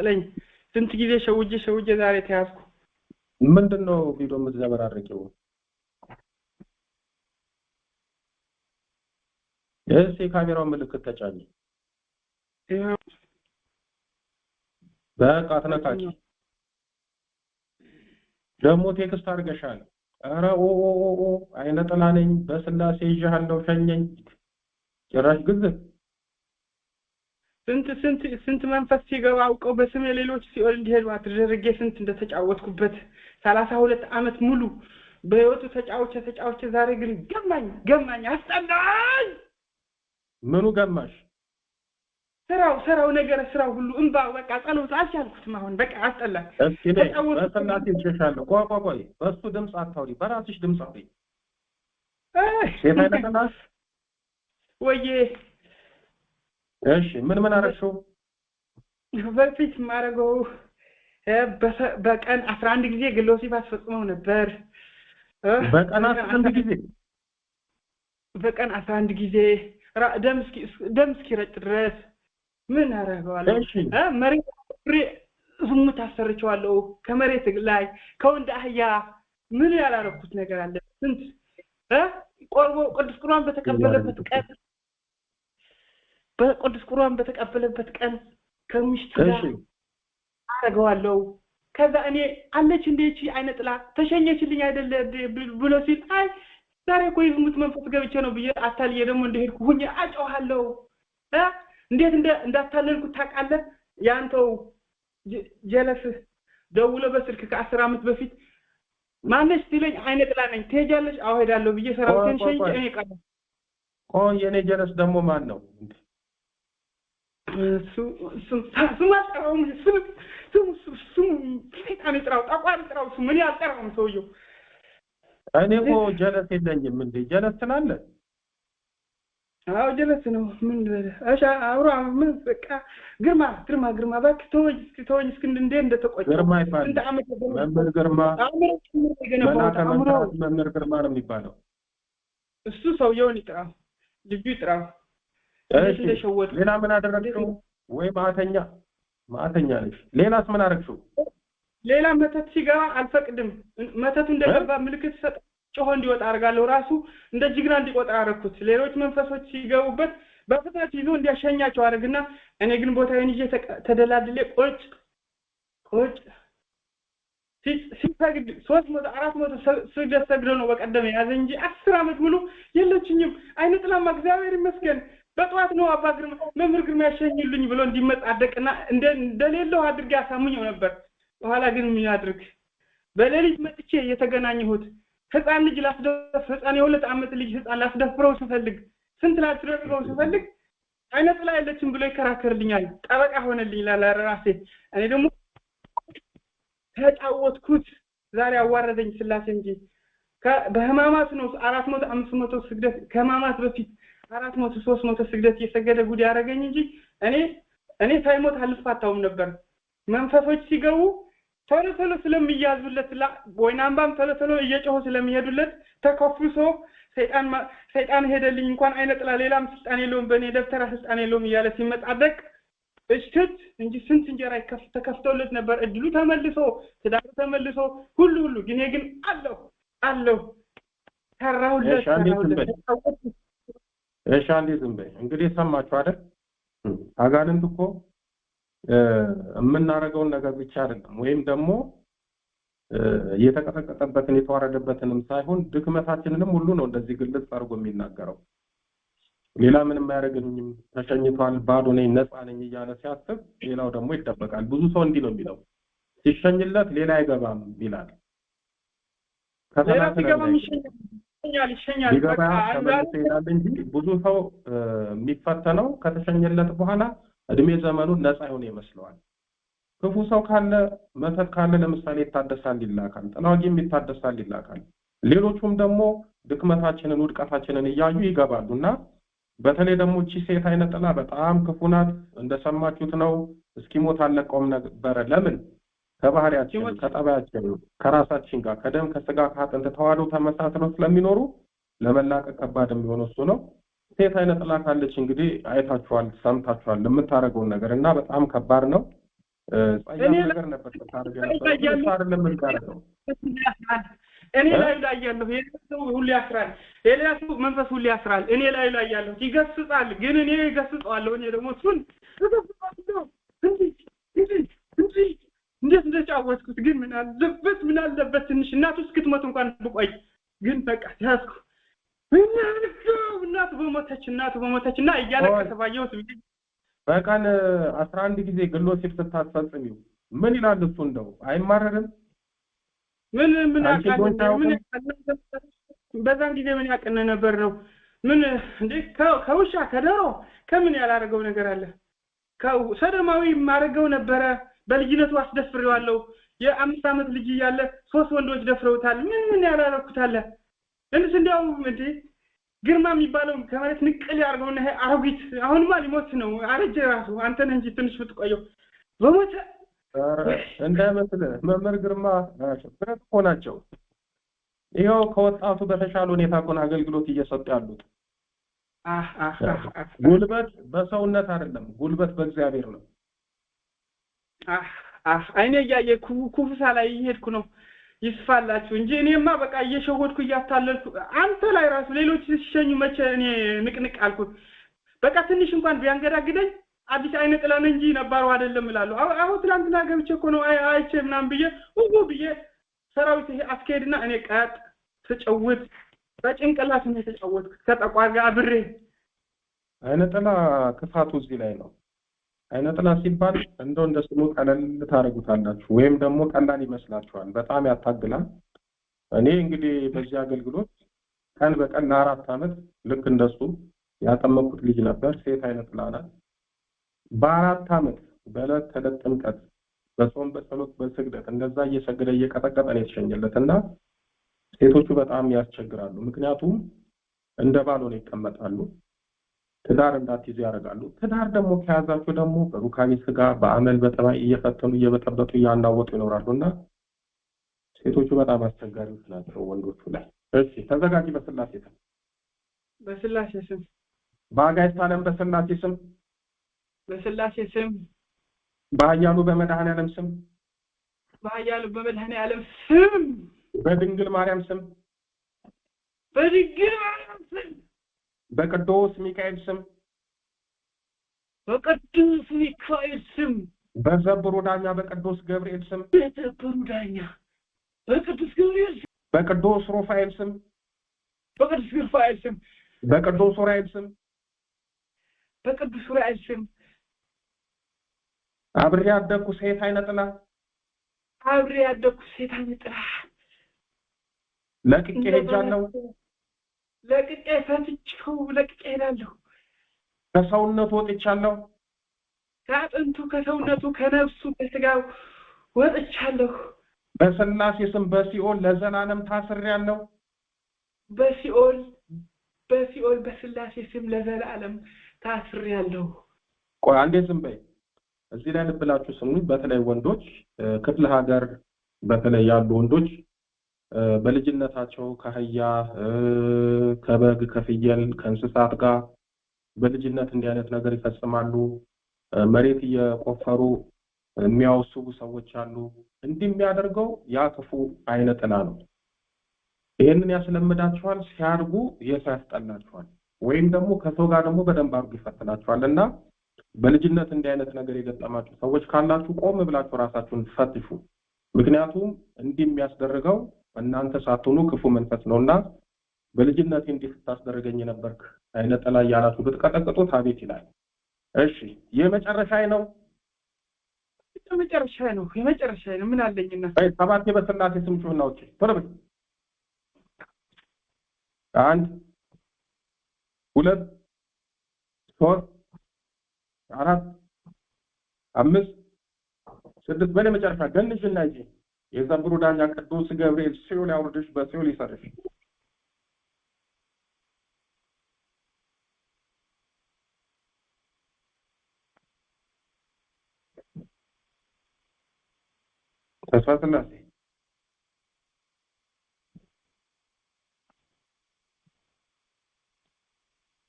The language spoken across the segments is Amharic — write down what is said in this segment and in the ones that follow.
ቀጥለኝ። ስንት ጊዜ ሸውጄ ሸውጄ ዛሬ ተያዝኩ። ምንድን ነው ቪዲዮ የምትዘበራርቂው? እስኪ የካሜራውን ምልክት ተጫኝ። በቃ አትነካች። ደግሞ ቴክስት አድርገሻል። ኧረ ኦ ኦ ኦ አይነ ጥላ ነኝ በስላሴ ይዤሃለሁ ሸኘኝ። ጭራሽ ግዝፍ ስንት ስንት ስንት መንፈስ ሲገባ አውቀው በስሜ ሌሎች ሲኦል እንዲሄዱ አድርጌ ስንት እንደተጫወትኩበት ሰላሳ ሁለት ዓመት ሙሉ በህይወቱ ተጫወቸ ተጫወቸ። ዛሬ ግን ገማኝ ገማኝ አስጠላኝ። ምኑ ገማሽ? ስራው ስራው ነገር ስራው ሁሉ እንባ በቃ ጸሎት አልቻልኩትም። አሁን በቃ አስጠላኝ። እስኪ ይሸሻለሁ። ቆይ ቆይ ቆይ፣ በሱ ድምፅ አታውሪ፣ በራስሽ ድምፅ አውሪ። ሴት ወይዬ እሺ ምን ምን አረግሽው? በፊት ማረገው በቀን አንድ ጊዜ ግለ ወሲብ አስፈጽመው ነበር። በቀን አንድ ጊዜ በቀን አንድ ጊዜ ደም እስኪረጭ ድረስ ምን አረገዋለሁ? መሬት ዝሙት አሰርቸዋለሁ። ከመሬት ላይ ከወንድ አህያ ምን ያላረኩት ነገር አለ? ስንት ቆርቦ ቅዱስ ቁርባን በተቀበለበት ቀን በቅዱስ ቁርባን በተቀበለበት ቀን ከምሽቱ ጋር አደርገዋለሁ። ከዛ እኔ አለች እንደቺ አይነ ጥላ ተሸኘችልኝ አይደለ ብሎ ሲል አይ ዛሬ እኮ የዝሙት መንፈስ ገብቼ ነው ብዬ አታልዬ ደግሞ እንደሄድኩ ሁኜ አጨዋለሁ። እንዴት እንዳታለልኩ ታውቃለህ? ያንተው ጀለስ ደውሎ በስልክ ከአስር ዓመት በፊት ማነሽ ትለኝ፣ አይነ ጥላ ነኝ። ትሄጃለሽ? አዎ ሄዳለሁ ብዬ ሰራዊቴን ሸኝቼ እኔ ቀረ። ቆይ የኔ ጀለስ ደግሞ ማን ነው እንዴ? ስም አልጠራውም። ስሙ ሰይጣን ይጥራው፣ ጠቋር ይጥራው እኔ አልጠራውም ሰውየው። እኔ እኮ ጀለስ የለኝም እንዴ! ጀለስ ትላለህ? አዎ ጀለስ ነው። ምን እሺ፣ አብሮ ምን በቃ ግርማ ግርማ ግርማ፣ እባክህ ተወኝ እስኪ ተወኝ እስኪ እንዴ እንደተቆጨ ግርማ መምህር ግርማ መምህር ግርማ ነው የሚባለው። እሱ ሰውየውን ይጥራው፣ ልጁ ይጥራው። ሌላ ምን አደረግሽው? ወይ ማተኛ ማተኛ ነሽ። ሌላስ ምን አደረግሽው? ሌላ መተት ሲገባ አልፈቅድም። መተቱ እንደገባ ምልክት ሰጠ ጮሆ እንዲወጣ አደርጋለሁ። ራሱ እንደ ጅግና እንዲቆጥር አደረኩት። ሌሎች መንፈሶች ሲገቡበት በፍጥነት ይዞ እንዲያሸኛቸው አደርግና እኔ ግን ቦታዬን ይዤ ተደላድሌ ቁጭ ቁጭ ሲሰግድ ሶስት መቶ አራት መቶ ስግደት ሰግዶ ነው በቀደም የያዘ እንጂ አስር አመት ሙሉ የለችኝም አይነጥላማ እግዚአብሔር ይመስገን በጠዋት ነው አባ ግርማ መምህር ግርማ ያሸኝልኝ ብሎ እንዲመጻደቅና እንደሌለው አድርጌ አሳሙኘው ነበር። በኋላ ግን ምን ያድርግ በሌሊት መጥቼ የተገናኘሁት ህፃን ልጅ ላስደፍ ህፃን የሁለት ዓመት ልጅ ህፃን ላስደፍረው ስፈልግ ስንት ላስደፍረው ስፈልግ አይነት ላይ ያለችም ብሎ ይከራከርልኛል። ጠበቃ ሆነልኝ ራሴ። እኔ ደግሞ ተጫወትኩት። ዛሬ አዋረደኝ ስላሴ እንጂ በህማማት ነው አራት መቶ አምስት መቶ ስግደት ከህማማት በፊት አራት መቶ ሶስት መቶ ስግደት እየሰገደ ጉድ ያደረገኝ እንጂ እኔ እኔ ሳይሞት አልፋታውም ነበር። መንፈሶች ሲገቡ ቶሎ ቶሎ ስለሚያዙለት ወይን አምባም ቶሎ ቶሎ እየጮሁ ስለሚሄዱለት ተከፍሶ ሰይጣን ሰይጣን ሄደልኝ እንኳን አይነ ጥላ ሌላም ስልጣን የለውም በእኔ ደብተራ ስልጣን የለውም እያለ ሲመጻደቅ እሽትት እንጂ ስንት እንጀራ ተከፍቶለት ነበር። እድሉ ተመልሶ ትዳሩ ተመልሶ ሁሉ ሁሉ ግን ግን አለሁ አለሁ ሰራሁለት ሰራሁለት እሺ አንዴ ዝም በይ። እንግዲህ ሰማችሁ አይደል? አጋንንት እኮ የምናደርገውን ነገር ብቻ አይደለም፣ ወይም ደግሞ የተቀጠቀጠበትን የተዋረደበትንም ሳይሆን ድክመታችንንም ሁሉ ነው እንደዚህ ግልጽ አድርጎ የሚናገረው። ሌላ ምንም አያደርገኝም፣ ተሸኝቷል፣ ባዶ ነኝ፣ ነፃ ነኝ እያለ ሲያስብ ሌላው ደግሞ ይጠበቃል። ብዙ ሰው እንዲህ ነው የሚለው፣ ሲሸኝለት ሌላ አይገባም ይላል። ከተናገረ ይሸኛል ይሸኛል ይሄዳል እንጂ ብዙ ሰው የሚፈተነው ከተሸኘለት በኋላ እድሜ ዘመኑን ነፃ የሆነ ይመስለዋል። ክፉ ሰው ካለ መተት ካለ ለምሳሌ ይታደሳል ይላካል፣ ጥላዋጊም ይታደሳል ይላካል። ሌሎቹም ደግሞ ድክመታችንን ውድቀታችንን እያዩ ይገባሉ እና በተለይ ደግሞ እቺ ሴት አይነ ጥላ በጣም ክፉ ናት። እንደሰማችሁት ነው። እስኪሞት አልለቀውም ነበረ። ለምን ከባህሪያችን ከጠባያችን ከራሳችን ጋር ከደም ከስጋ ከአጥንት ተዋህዶ ተመሳስለው ስለሚኖሩ ለመላቀቅ ከባድ የሚሆነው እሱ ነው። ሴት አይነ ጥላ ካለች እንግዲህ አይታችኋል፣ ሰምታችኋል የምታደርገውን ነገር እና በጣም ከባድ ነው። ጸያፍ ነገር ነበር እኔ ላይ ላይ ያለሁ የሌላው ሁሉ ያስራል፣ የሌላ መንፈስ ሁሉ ያስራል። እኔ ላይ ላይ ያለሁ ይገስጻል፣ ግን እኔ ይገስጸዋለሁ። እኔ ደግሞ እሱን እገስጻለሁ እንጂ እንጂ እንጂ እንዴት እንደተጫወትኩት ግን ምን አለበት ምን አለበት ትንሽ እናቱ እስክትሞት እንኳን ብቆይ ግን በቃ ያዝኩ እናቱ በሞተች እናቱ በሞተች እና እያለቀሰ ባየሁት በቀን አስራ አንድ ጊዜ ግሎሲብ ስታስፈጽሚው ምን ይላል እሱ እንደው አይማረርም? ምን ምን ምን በዛን ጊዜ ምን ያቀነ ነበር ነው ምን እንዴ ከውሻ ከደሮ ከምን ያላረገው ነገር አለ ሰዶማዊ የማረገው ነበረ በልጅነቱ አስደፍሬዋለሁ። የአምስት ዓመት ልጅ እያለ ሶስት ወንዶች ደፍረውታል። ምን ምን ያላረኩታለ እንስ እንዲያው እንዴ ግርማ የሚባለው ከመሬት ንቅል ያርገው ይሄ አሮጊት አሁንማ ሊሞት ነው። አረጀ ራሱ አንተ ነህ እንጂ ትንሽ ብትቆየው በሞተ እንዳይመስልህ። መምህር ግርማ ብረት እኮ ናቸው። ይኸው ከወጣቱ በተሻለ ሁኔታ እኮ ነው አገልግሎት እየሰጡ ያሉት። ጉልበት በሰውነት አይደለም፣ ጉልበት በእግዚአብሔር ነው። አይኔ እያየ ኩፍሳ ላይ እየሄድኩ ነው። ይስፋላችሁ እንጂ እኔማ በቃ እየሸወድኩ እያታለልኩ አንተ ላይ ራሱ ሌሎች ሲሸኙ መቼ እኔ ንቅንቅ አልኩት። በቃ ትንሽ እንኳን ቢያንገዳግደኝ አዲስ አይነ ጥላ ነው እንጂ ነባሩ አይደለም እላሉ አሁን ትላንትና ገብቼ እኮ ነው አይቼ ምናምን ብዬ ውሁ ብዬ ሰራዊት ይሄ አስኬድና እኔ ቀጥ ተጨውት በጭንቅላት ነው የተጫወትኩት ከጠቋር ጋር አብሬ። አይነ ጥላ ክፋቱ እዚህ ላይ ነው። አይነ ጥላ ሲባል እንደው እንደ ስሙ ቀለል ታደርጉታላችሁ ወይም ደግሞ ቀላል ይመስላችኋል። በጣም ያታግላል። እኔ እንግዲህ በዚህ አገልግሎት ቀን በቀን ለአራት ዓመት ልክ እንደሱ ያጠመኩት ልጅ ነበር። ሴት አይነ ጥላ ናት። በአራት ዓመት በዕለት ተዕለት ጥምቀት በጾም በጸሎት በስግደት እንደዛ እየሰገደ እየቀጠቀጠ ነው የተሸኘለት እና ሴቶቹ በጣም ያስቸግራሉ። ምክንያቱም እንደ ባል ሆነው ይቀመጣሉ። ትዳር እንዳትይዙ ያደርጋሉ። ትዳር ደግሞ ከያዛችሁ ደግሞ በሩካቤ ስጋ በአመል በጠባይ እየፈተኑ እየበጠበጡ እያናወጡ ይኖራሉ እና ሴቶቹ በጣም አስቸጋሪዎች ናቸው ወንዶቹ ላይ። እሺ ተዘጋጅ። በስላሴ ስም በስላሴ ስም በአጋዕዝተ ዓለም በስላሴ ስም በስላሴ ስም በኃያሉ በመድኃኔዓለም ስም በኃያሉ በመድኃኔዓለም ስም በድንግል ማርያም ስም በድንግል ማርያም ስም በቅዱስ ሚካኤል ስም በቅዱስ ሚካኤል ስም በዘብሩ ዳኛ በቅዱስ ገብርኤል ስም በዘብሩ ዳኛ በቅዱስ ገብርኤል ስም በቅዱስ ሩፋኤል ስም በቅዱስ ሩፋኤል ስም በቅዱስ ኡራኤል ስም በቅዱስ ኡራኤል ስም አብሬ ያደግኩ ሴት አይነ ጥላ አብሬ ያደግኩ ሴት አይነ ለቅቄ ሄጃለሁ ለቅቄ ፈትቼው ለቅቄ ሄዳለሁ። ከሰውነቱ ወጥቻለሁ። ከአጥንቱ ከሰውነቱ ከነፍሱ ከስጋው ወጥቻለሁ። በስላሴ ስም በሲኦል ለዘላለም ታስሬያለሁ። በሲኦል በሲኦል በስላሴ ስም ለዘላለም ታስሬያለሁ። ቆይ አንዴ ዝም በይ። እዚህ ላይ ልብላችሁ ስሙኝ። በተለይ ወንዶች ክፍለ ሀገር በተለይ ያሉ ወንዶች በልጅነታቸው ከአህያ፣ ከበግ፣ ከፍየል፣ ከእንስሳት ጋር በልጅነት እንዲህ አይነት ነገር ይፈጽማሉ። መሬት እየቆፈሩ የሚያወስቡ ሰዎች አሉ። እንዲህ የሚያደርገው ያ ክፉ አይነ ጥላ ነው። ይህንን ያስለምዳችኋል። ሲያድጉ የሰው ያስጠላችኋል፣ ወይም ደግሞ ከሰው ጋር ደግሞ በደንብ አድርጎ ይፈትናችኋል እና በልጅነት እንዲህ አይነት ነገር የገጠማችሁ ሰዎች ካላችሁ ቆም ብላችሁ ራሳችሁን ፈትሹ። ምክንያቱም እንዲህ የሚያስደርገው እናንተ ሳትሆኑ ክፉ መንፈስ ነውና በልጅነት እንዲህ ስታስደረገኝ የነበርክ አይነ ጠላ እያላችሁ ብትቀጠቅጡት አቤት ይላል። እሺ የመጨረሻ ነው የመጨረሻ ነው የመጨረሻ ነው። ምን አለኝና ሰባት በስላሴ ስም ጩኸና ውጪ ቶሎ አንድ ሁለት ሶስት አራት አምስት ስድስት በለ መጨረሻ ገንዥና ይዤ የዘንብሩ ዳኛ ቅዱስ ገብርኤል ሲኦል ያውርድሽ፣ በሲኦል ይሰርሽ። ተስፋ ስላሴ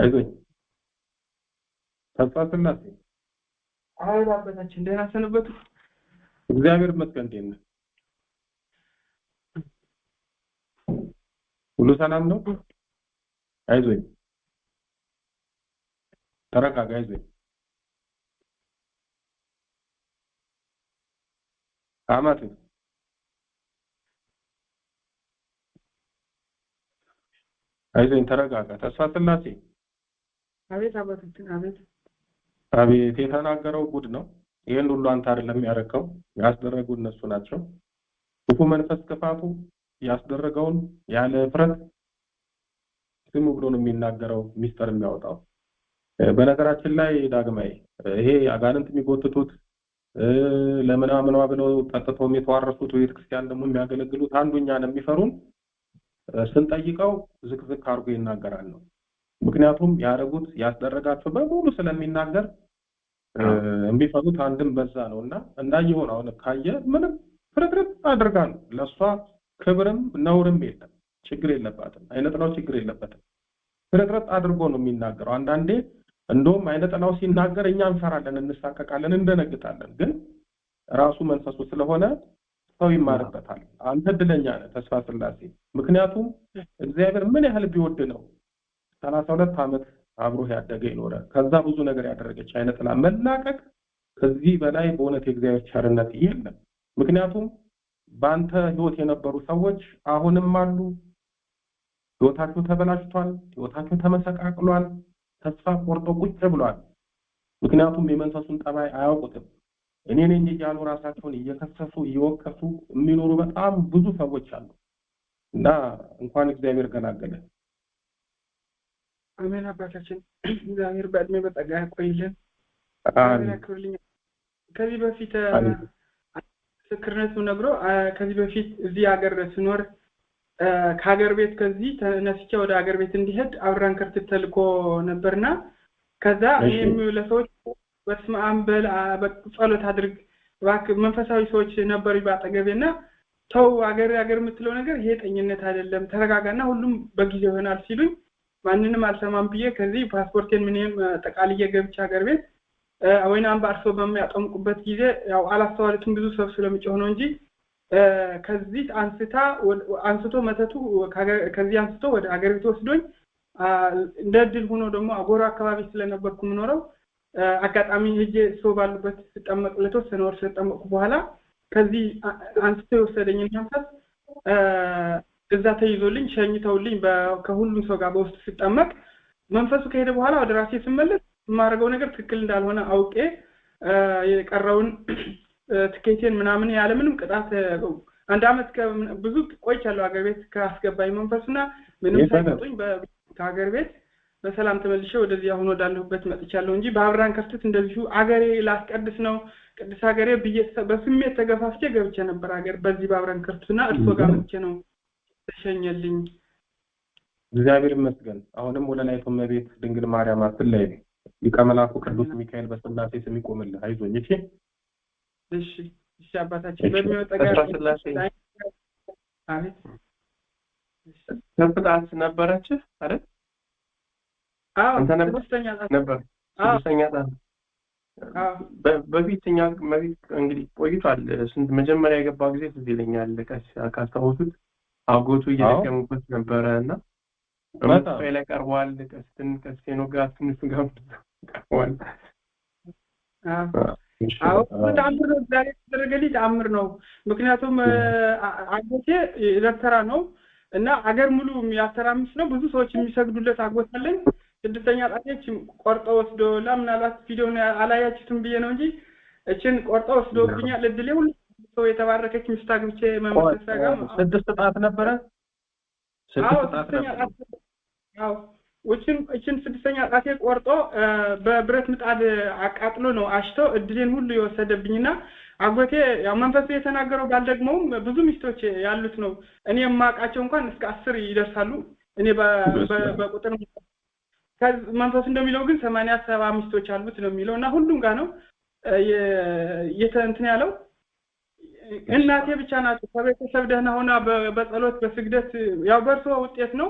አይዞኝ። ተስፋ ስላሴ አይ አባታችን ደህና ሰነበቱ። እግዚአብሔር ይመስገን። እንዴት ነህ? Ulusanam ሰላም ነው! way. Taraka guys way. አይዞኝ ተረጋጋ። ተስፋ ስላሴ አቤት። አባቶች አቤት። አቤት የተናገረው ጉድ ነው። ይህን ሁሉ አንተ አይደለም ያደረከው፣ ያስደረጉ እነሱ ናቸው። ክፉ መንፈስ ክፋቱ ያስደረገውን ያለ እፍረት ስሙ ብሎ ነው የሚናገረው ሚስጥር የሚያወጣው። በነገራችን ላይ ዳግማይ ይሄ አጋንንት የሚጎትቱት ለምናምኗ ብለው ጠጥቶ የተዋረሱት ቤተክርስቲያን ደግሞ የሚያገለግሉት አንዱ ነው የሚፈሩን ስንጠይቀው ዝቅዝቅ አድርጎ ይናገራል ነው። ምክንያቱም ያደረጉት ያስደረጋቸው በሙሉ ስለሚናገር የሚፈሩት አንድም በዛ ነው እና እንዳየሆን አሁን ካየ ምንም ፍርጥርጥ አድርጋ ነው ለእሷ ክብርም ነውርም የለም፣ ችግር የለባትም። አይነጥላው ችግር የለበትም። ፍረጥረጥ አድርጎ ነው የሚናገረው። አንዳንዴ እንደውም አይነጥላው ሲናገር እኛ እንፈራለን፣ እንሳቀቃለን፣ እንደነግጣለን። ግን ራሱ መንፈሱ ስለሆነ ሰው ይማርበታል። አንተ እድለኛ ነህ ተስፋ ስላሴ። ምክንያቱም እግዚአብሔር ምን ያህል ቢወድ ነው ሰላሳ ሁለት ዓመት አብሮህ ያደገ ይኖረ ከዛ ብዙ ነገር ያደረገች አይነጥላ መላቀቅ ከዚህ በላይ በእውነት የእግዚአብሔር ቸርነት የለም። ምክንያቱም በአንተ ህይወት የነበሩ ሰዎች አሁንም አሉ። ህይወታቸው ተበላሽቷል። ህይወታቸው ተመሰቃቅሏል። ተስፋ ቆርጦ ቁጭ ብሏል። ምክንያቱም የመንፈሱን ጠባይ አያውቁትም። እኔ ነኝ እያሉ ራሳቸውን እየከሰሱ እየወቀሱ የሚኖሩ በጣም ብዙ ሰዎች አሉ እና እንኳን እግዚአብሔር ገላገለ። አሜን። አባታችን እግዚአብሔር በእድሜ በጠጋ ያቆይልን። ከዚህ በፊት ምስክርነቱ ነግሮ ከዚህ በፊት እዚህ ሀገር ስኖር ከሀገር ቤት ከዚህ ተነስቼ ወደ ሀገር ቤት እንዲሄድ አብረን ከርት ተልኮ ነበርና ከዛ ይህም ለሰዎች በስመ አብ በል ጸሎት አድርግ እባክህ መንፈሳዊ ሰዎች ነበሩ ና ተው አገር አገር የምትለው ነገር ይሄ ጠኝነት አይደለም፣ ተረጋጋና ሁሉም በጊዜው ይሆናል ሲሉኝ ማንንም አልሰማም ብዬ ከዚህ ፓስፖርቴን ምንም ጠቃልዬ ገብቼ ሀገር ቤት ወይን አምባ አርሰው በሚያጠምቁበት ጊዜ ያው አላስተዋሉትም ብዙ ሰብ ስለሚጮህ ነው እንጂ ከዚህ አንስታ አንስቶ መተቱ ከዚህ አንስቶ ወደ አገር ቤት ወስዶኝ እንደ እድል ሆኖ ደግሞ አጎሮ አካባቢ ስለነበርኩ የምኖረው አጋጣሚ ህጄ እሱ ባሉበት ስጠመቅ ለተወሰነ ወር ስለጠመቅኩ በኋላ ከዚህ አንስቶ የወሰደኝን መንፈስ እዛ ተይዞልኝ ሸኝተውልኝ ከሁሉም ሰው ጋር በውስጥ ስጠመቅ መንፈሱ ከሄደ በኋላ ወደ ራሴ ስመለስ የማደርገው ነገር ትክክል እንዳልሆነ አውቄ የቀረውን ትኬቴን ምናምን ያለምንም ቅጣት አንድ አመት ብዙ ቆይቻለሁ ሀገር ቤት ከአስገባኝ መንፈስ እና ምንም ሳይመጡኝ ከሀገር ቤት በሰላም ተመልሼ ወደዚህ አሁን ወዳለሁበት መጥቻለሁ እንጂ በአብራን ከፍትት እንደዚሁ አገሬ ላስቀድስ ነው ቅዱስ ሀገሬ ብዬ በስሜት ተገፋፍቼ ገብቼ ነበር ሀገር በዚህ በአብረን ከፍቱና እርሶ ጋር መጥቼ ነው ተሸኘልኝ። እግዚአብሔር ይመስገን። አሁንም ወለላይቱ እመቤት ድንግል ማርያም አስላይልኝ ሊቀ ቅዱስ ሚካኤል በስላሴ ስም ይቆምልህ። አይዞኝ። እሺ፣ እሺ፣ እሺ። አባታችን በሚወጣ ጋር ስላሴ ነበረች አይደል? አዎ፣ አንተ ነበር። ስድስተኛ ጣት በፊት እንግዲህ ቆይቷል። ስንት መጀመሪያ የገባ ጊዜ ትዝ ይለኛል። ካስታወሱት አጎቱ እየደገሙበት ነበረ እና መጽሐፍ ላይ ቀርቧል። ቀስትን ቀስቴኖ ጋር ትንሱ ጋር ቀርቧል። ተአምር ነው። ዛሬ የተደረገልኝ ተአምር ነው። ምክንያቱም አጎቴ ኤርትራ ነው እና አገር ሙሉ የሚያተራምስ ነው። ብዙ ሰዎች የሚሰግዱለት አጎት አለኝ። ስድስተኛ ጣቶች ቆርጦ ወስዶ ላ ምናልባት ቪዲዮን አላያችሁትም ብዬ ነው እንጂ እችን ቆርጦ ወስዶብኛል። እድሌ ሁሉ ሰው የተባረከች ሚስት አግብቼ መመለሳ ስድስት ጣት ነበረ። ስድስት ጣት ነበረ ያው እችን እችን ስድስተኛ ጣቴ ቆርጦ በብረት ምጣድ አቃጥሎ ነው አሽቶ እድሌን ሁሉ የወሰደብኝና አጎቴ ያው መንፈሱ የተናገረው ባል ደግሞ ብዙ ሚስቶች ያሉት ነው። እኔ የማውቃቸው እንኳን እስከ አስር ይደርሳሉ። እኔ በቁጥር መንፈሱ እንደሚለው ግን ሰማንያ ሰባ ሚስቶች አሉት ነው የሚለው እና ሁሉም ጋር ነው እንትን ያለው እናቴ ብቻ ናት ከቤተሰብ ደህና ሆና በጸሎት በስግደት ያው በእርሶ ውጤት ነው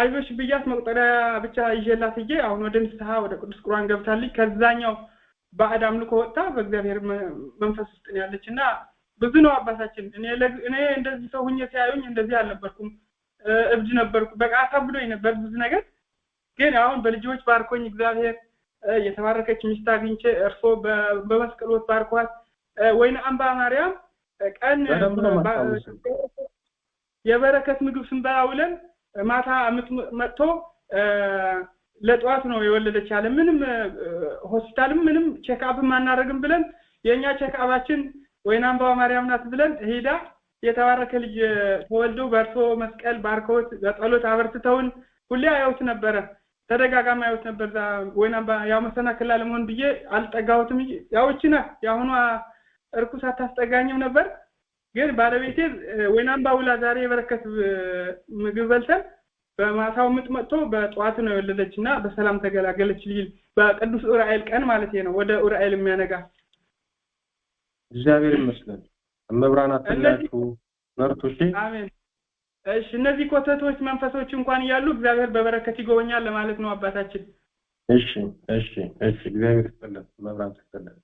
አይዞሽ ብያት መቁጠሪያ ብቻ ይዤላት ሂጄ አሁን ወደ ንስሐ ወደ ቅዱስ ቁርባን ገብታልኝ ከዛኛው ባዕድ አምልኮ ወጥታ በእግዚአብሔር መንፈስ ውስጥ ነው ያለች እና ብዙ ነው አባታችን። እኔ እንደዚህ ሰው ሁኜ ሲያዩኝ እንደዚህ አልነበርኩም፣ እብድ ነበርኩ። በቃ አሳብዶኝ ነበር ብዙ ነገር። ግን አሁን በልጆች ባርኮኝ እግዚአብሔር የተባረከች ሚስት አግኝቼ እርሶ በመስቀሎት ባርኳት። ወይን አምባ ማርያም ቀን የበረከት ምግብ ስንበላ ውለን ማታ መጥቶ ለጠዋት ነው የወለደች አለ። ምንም ሆስፒታልም ምንም ቼክአፕም አናደርግም ብለን የእኛ ቼክአፓችን ወይን አምባዋ ማርያም ናት ብለን ሄዳ የተባረከ ልጅ ተወልዶ በእርሶ መስቀል ባርከውት በጸሎት አበርትተውን ሁሌ አያውት ነበረ። ተደጋጋሚ አያውት ነበር። ወይን ያው መሰናክል ላለመሆን ብዬ አልጠጋሁትም። ያው እቺ የአሁኗ እርኩስ አታስጠጋኝም ነበር ግን ባለቤቴ ወይናምባ ውላ ዛሬ የበረከት ምግብ በልተን በማሳው ምጥ መጥቶ በጠዋት ነው የወለደች እና በሰላም ተገላገለች። ልጅ በቅዱስ ዑራኤል ቀን ማለት ነው። ወደ ዑራኤል የሚያነጋ እግዚአብሔር ይመስገን። እመብራን አትላችሁ መርቱ። እሺ፣ አሜን። እሺ፣ እነዚህ ኮተቶች መንፈሶች እንኳን እያሉ እግዚአብሔር በበረከት ይጎበኛል ለማለት ነው አባታችን። እሺ፣ እሺ፣ እሺ። እግዚአብሔር ይስጥልን። እመብራን ትስጥልን።